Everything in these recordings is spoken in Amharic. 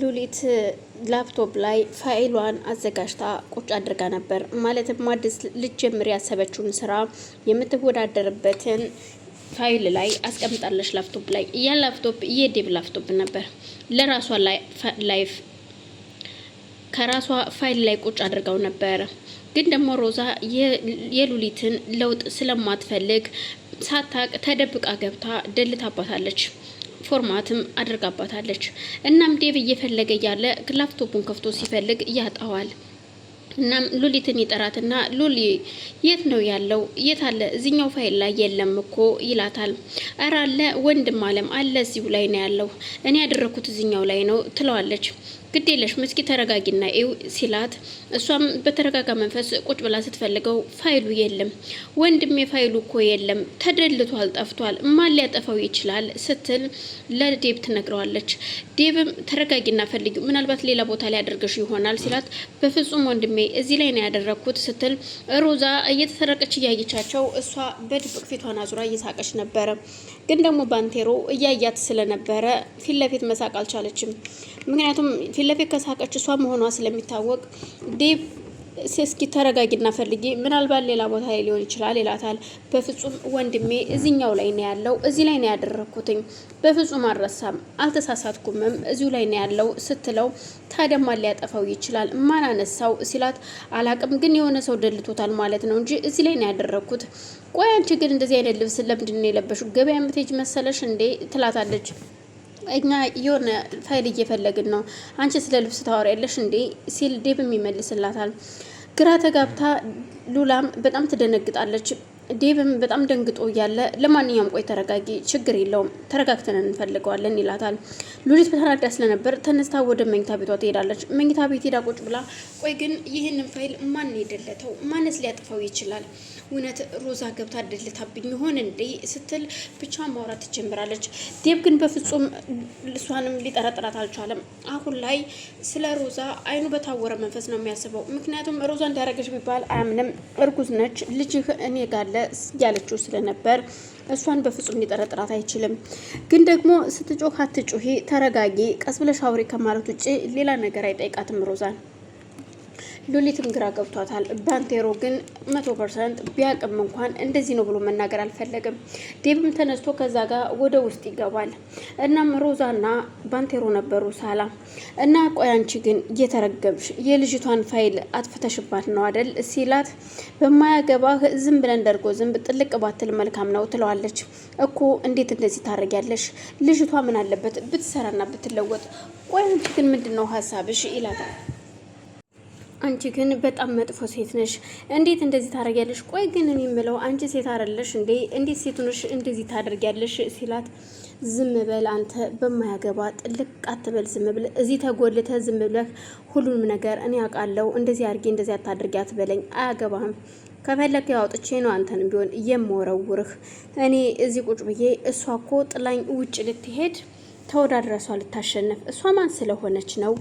ሉሊት ላፕቶፕ ላይ ፋይሏን አዘጋጅታ ቁጭ አድርጋ ነበር። ማለትም አዲስ ልትጀምር ያሰበችውን ስራ የምትወዳደርበትን ፋይል ላይ አስቀምጣለች። ላፕቶፕ ላይ ያ ላፕቶፕ የዴብ ላፕቶፕ ነበር። ለራሷ ላይፍ ከራሷ ፋይል ላይ ቁጭ አድርጋው ነበር። ግን ደግሞ ሮዛ የሉሊትን ለውጥ ስለማትፈልግ ሳታቅ ተደብቃ ገብታ ደልታባታለች። ፎርማትም አድርጋባታለች። እናም ዴቭ እየፈለገ ያለ ላፕቶፑን ከፍቶ ሲፈልግ ያጣዋል። እናም ሉሊትን ይጠራትና ሉሊ የት ነው ያለው? የት አለ? እዚኛው ፋይል ላይ የለም እኮ ይላታል። እረ አለ ወንድም አለም አለ እዚሁ ላይ ነው ያለው። እኔ ያደረኩት እዚኛው ላይ ነው ትለዋለች። ግድ የለሽም እስኪ ተረጋጊና ይው ሲላት፣ እሷም በተረጋጋ መንፈስ ቁጭ ብላ ስትፈልገው ፋይሉ የለም ወንድሜ፣ ፋይሉ እኮ የለም ተደልቷል፣ ጠፍቷል፣ ማን ሊያጠፋው ይችላል ስትል ለዴብ ትነግረዋለች። ዴብም ተረጋጊና ፈልጊ፣ ምናልባት ሌላ ቦታ ሊያደርገሽ ይሆናል ሲላት፣ በፍጹም ወንድሜ እዚህ ላይ ነው ያደረግኩት ስትል ሮዛ እየተሰረቀች እያየቻቸው፣ እሷ በድብቅ ፊቷን አዙራ እየሳቀች ነበረ። ግን ደግሞ ባንቴሮ እያያት ስለነበረ ፊት ለፊት መሳቅ አልቻለችም። ምክንያቱም ፊት ለፊት ከሳቀች እሷ መሆኗ ስለሚታወቅ ዴቭ እስኪ ተረጋጊና ፈልጊ፣ ምናልባት ሌላ ቦታ ላይ ሊሆን ይችላል ይላታል። በፍጹም ወንድሜ እዚኛው ላይ ነው ያለው፣ እዚህ ላይ ነው ያደረግኩትኝ፣ በፍጹም አልረሳም፣ አልተሳሳትኩምም፣ እዚሁ ላይ ነው ያለው ስትለው፣ ታደማ ሊያጠፋው ይችላል? ማን አነሳው ሲላት፣ አላቅም፣ ግን የሆነ ሰው ደልቶታል ማለት ነው እንጂ እዚህ ላይ ነው ያደረግኩት። ቆይ አንቺ ግን እንደዚህ አይነት ልብስ ለምንድን ነው የለበሽው? ገበያ የምትሄጅ መሰለሽ እንዴ? ትላታለች እኛ የሆነ ፋይል እየፈለግን ነው፣ አንቺ ስለ ልብስ ታወሪያለሽ እንዴ ሲል ዴብም ይመልስላታል። ግራ ተጋብታ ሉላም በጣም ትደነግጣለች። ዴብም በጣም ደንግጦ እያለ ለማንኛውም ቆይ ተረጋጊ፣ ችግር የለውም ተረጋግተን እንፈልገዋለን ይላታል። ሉሊት በተናዳ ስለነበር ተነስታ ወደ መኝታ ቤቷ ትሄዳለች። መኝታ ቤት ሄዳ ቁጭ ብላ ቆይ ግን ይህንን ፋይል ማን የደለተው? ማነስ ሊያጥፋው ይችላል? እውነት ሮዛ ገብታ ደልታብኝ ይሆን እንዴ ስትል ብቻ ማውራት ትጀምራለች። ዴብ ግን በፍጹም እሷንም ሊጠረጥራት አልቻለም። አሁን ላይ ስለ ሮዛ አይኑ በታወረ መንፈስ ነው የሚያስበው። ምክንያቱም ሮዛ እንዳረገች ቢባል አያምንም። እርጉዝ ነች፣ ልጅህ እኔ ጋለ እያለችው ስለነበር እሷን በፍጹም ሊጠረጥራት አይችልም። ግን ደግሞ ስትጮህ አትጩሂ፣ ተረጋጊ፣ ቀስ ብለሽ አውሪ ከማለት ውጭ ሌላ ነገር አይጠይቃትም ሮዛን። ሉሊትም ግራ ገብቷታል። ባንቴሮ ግን መቶ ፐርሰንት ቢያቅም እንኳን እንደዚህ ነው ብሎ መናገር አልፈለግም። ዴብም ተነስቶ ከዛ ጋር ወደ ውስጥ ይገባል። እናም ሮዛና ባንቴሮ ነበሩ ሳላ እና ቆያንቺ ግን እየተረገብሽ የልጅቷን ፋይል አጥፍተሽባት ነው አደል ሲላት በማያገባህ ዝም ብለን ደርጎ ዝንብ ጥልቅ ባትል መልካም ነው ትለዋለች እኮ እንዴት እንደዚህ ታደርጊያለሽ? ልጅቷ ምን አለበት ብትሰራና ብትለወጥ። ቆያንቺ ግን ምንድን ነው ሀሳብሽ ይላታል። አንቺ ግን በጣም መጥፎ ሴት ነሽ። እንዴት እንደዚህ ታደርጊያለሽ? ቆይ ግን እኔ የምለው አንቺ ሴት አይደለሽ እንዴ? እንዴት ሴት ነሽ እንደዚህ ታደርጊያለሽ? ሲላት ዝም በል አንተ በማያገባ ጥልቅ አትበል፣ ዝም ብል እዚህ ተጎልተ ዝም ብለህ ሁሉንም ነገር እኔ አውቃለሁ። እንደዚህ አድርጊ፣ እንደዚህ አታድርጊ አትበለኝ፣ አያገባህም። ከፈለክ ያውጥቼ ነው አንተንም ቢሆን የምወረውርህ እኔ እዚህ ቁጭ ብዬ። እሷ እኮ ጥላኝ ውጭ ልትሄድ ተወዳድራ እሷ ልታሸንፍ እሷ ማን ስለሆነች ነው?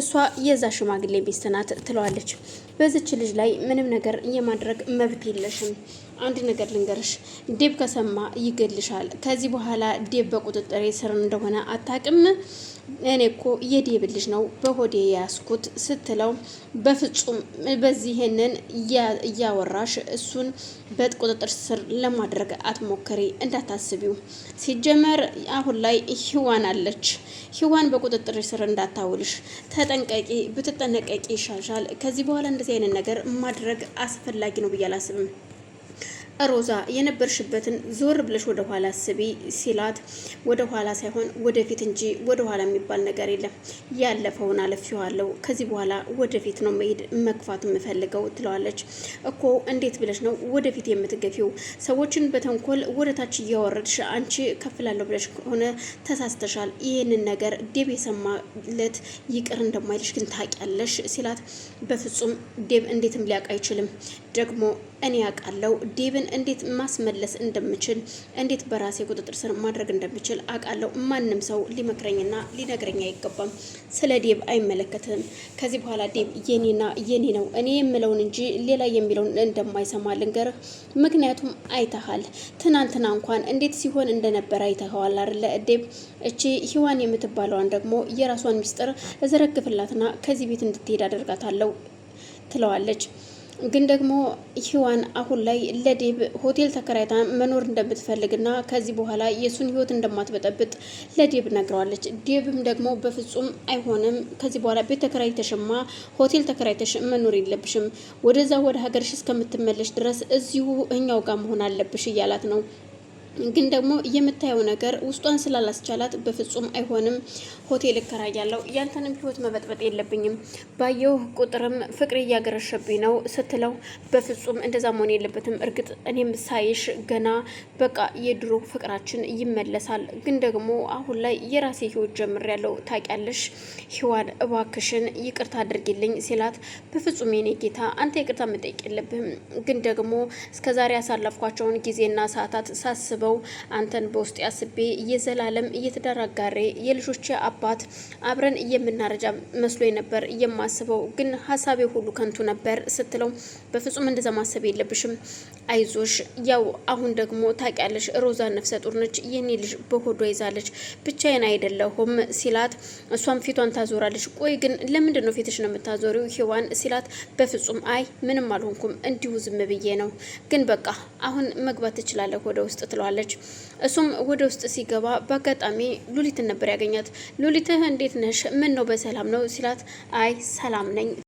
እሷ የዛ ሽማግሌ ሚስትናት ናት ትለዋለች። በዚች ልጅ ላይ ምንም ነገር የማድረግ መብት የለሽም አንድ ነገር ልንገርሽ፣ ዴብ ከሰማ ይገልሻል። ከዚህ በኋላ ዴብ በቁጥጥሬ ስር እንደሆነ አታቅም እኔ እኮ የዴብ ልጅ ነው በሆዴ የያዝኩት ስትለው፣ በፍጹም በዚህ ይሄንን እያወራሽ እሱን በቁጥጥር ስር ለማድረግ አትሞክሪ፣ እንዳታስቢው። ሲጀመር አሁን ላይ ሂዋን አለች። ሂዋን በቁጥጥር ስር እንዳታውልሽ ተጠንቀቂ፣ ብትጠነቀቂ ይሻሻል። ከዚህ በኋላ እንደዚህ አይነት ነገር ማድረግ አስፈላጊ ነው ብዬ አላስብም። ሮዛ የነበርሽበትን ዞር ብለሽ ወደ ኋላ አስቢ ሲላት ወደ ኋላ ሳይሆን ወደፊት እንጂ ወደ ኋላ የሚባል ነገር የለም። ያለፈውን አለፍዋለሁ። ከዚህ በኋላ ወደፊት ነው መሄድ መግፋት የምፈልገው ትለዋለች። እኮ እንዴት ብለሽ ነው ወደፊት የምትገፊው? ሰዎችን በተንኮል ወደ ታች እያወረድሽ አንቺ ከፍላለሁ ብለሽ ከሆነ ተሳስተሻል። ይህንን ነገር ዴብ የሰማለት ይቅር እንደማይልሽ ግን ታውቂያለሽ ሲላት፣ በፍጹም ዴብ እንዴትም ሊያውቅ አይችልም ደግሞ እኔ አውቃለሁ ዴብን እንዴት ማስመለስ እንደምችል እንዴት በራሴ ቁጥጥር ስር ማድረግ እንደምችል አውቃለሁ። ማንም ሰው ሊመክረኝና ሊነግረኝ አይገባም። ስለ ዲብ አይመለከትም። ከዚህ በኋላ ዴብ የኔና የኔ ነው። እኔ የምለውን እንጂ ሌላ የሚለውን እንደማይሰማ ልንገርህ። ምክንያቱም አይተሃል። ትናንትና እንኳን እንዴት ሲሆን እንደነበረ አይተኸዋል አይደለ? ዲብ እቺ ሂዋን የምትባለዋን ደግሞ የራሷን ሚስጥር ዘረግፍላትና ከዚህ ቤት እንድትሄድ አደርጋታለሁ ትለዋለች። ግን ደግሞ ህዋን አሁን ላይ ለዴብ ሆቴል ተከራይታ መኖር እንደምትፈልግና ከዚህ በኋላ የእሱን ህይወት እንደማትበጠብጥ ለዴብ ነግረዋለች። ዴብም ደግሞ በፍጹም አይሆንም፣ ከዚህ በኋላ ቤት ተከራይተሽማ ሆቴል ተከራይተሽ መኖር የለብሽም፣ ወደዛ ወደ ሀገርሽ እስከምትመለሽ ድረስ እዚሁ እኛው ጋር መሆን አለብሽ እያላት ነው። ግን ደግሞ የምታየው ነገር ውስጧን ስላላስቻላት በፍጹም አይሆንም፣ ሆቴል እከራያለሁ፣ ያንተንም ህይወት መበጥበጥ የለብኝም፣ ባየው ቁጥርም ፍቅር እያገረሸብኝ ነው ስትለው፣ በፍጹም እንደዛ መሆን የለበትም፣ እርግጥ እኔም ሳይሽ ገና በቃ የድሮ ፍቅራችን ይመለሳል፣ ግን ደግሞ አሁን ላይ የራሴ ህይወት ጀምሬያለሁ፣ ታውቂያለሽ ህዋን፣ እባክሽን ይቅርታ አድርጊልኝ ሲላት፣ በፍጹም የኔ ጌታ አንተ ይቅርታ መጠየቅ የለብህም፣ ግን ደግሞ እስከዛሬ ያሳለፍኳቸውን ጊዜና ሰዓታት ሳስበው ሳስበው አንተን በውስጥ ያስቤ እየዘላለም እየተደራጋሬ የልጆች አባት አብረን እየምናረጃ መስሎ ነበር የማስበው፣ ግን ሀሳቤ ሁሉ ከንቱ ነበር ስትለው በፍጹም እንደዛ ማሰብ የለብሽም አይዞሽ፣ ያው አሁን ደግሞ ታውቂያለሽ ሮዛ ነፍሰ ጡር ነች፣ የኔ ልጅ በሆዷ ይዛለች፣ ብቻዬን አይደለሁም ሲላት እሷም ፊቷን ታዞራለች። ቆይ ግን ለምንድን ነው ፊትሽ ነው የምታዞሪው ሔዋን ሲላት በፍጹም አይ ምንም አልሆንኩም፣ እንዲሁ ዝም ብዬ ነው። ግን በቃ አሁን መግባት ትችላለህ ወደ ውስጥ ትለዋለች። ትለዋለች። እሱም ወደ ውስጥ ሲገባ በአጋጣሚ ሉሊትን ነበር ያገኛት። ሉሊትህ እንዴት ነሽ? ምን ነው በሰላም ነው ሲላት፣ አይ ሰላም ነኝ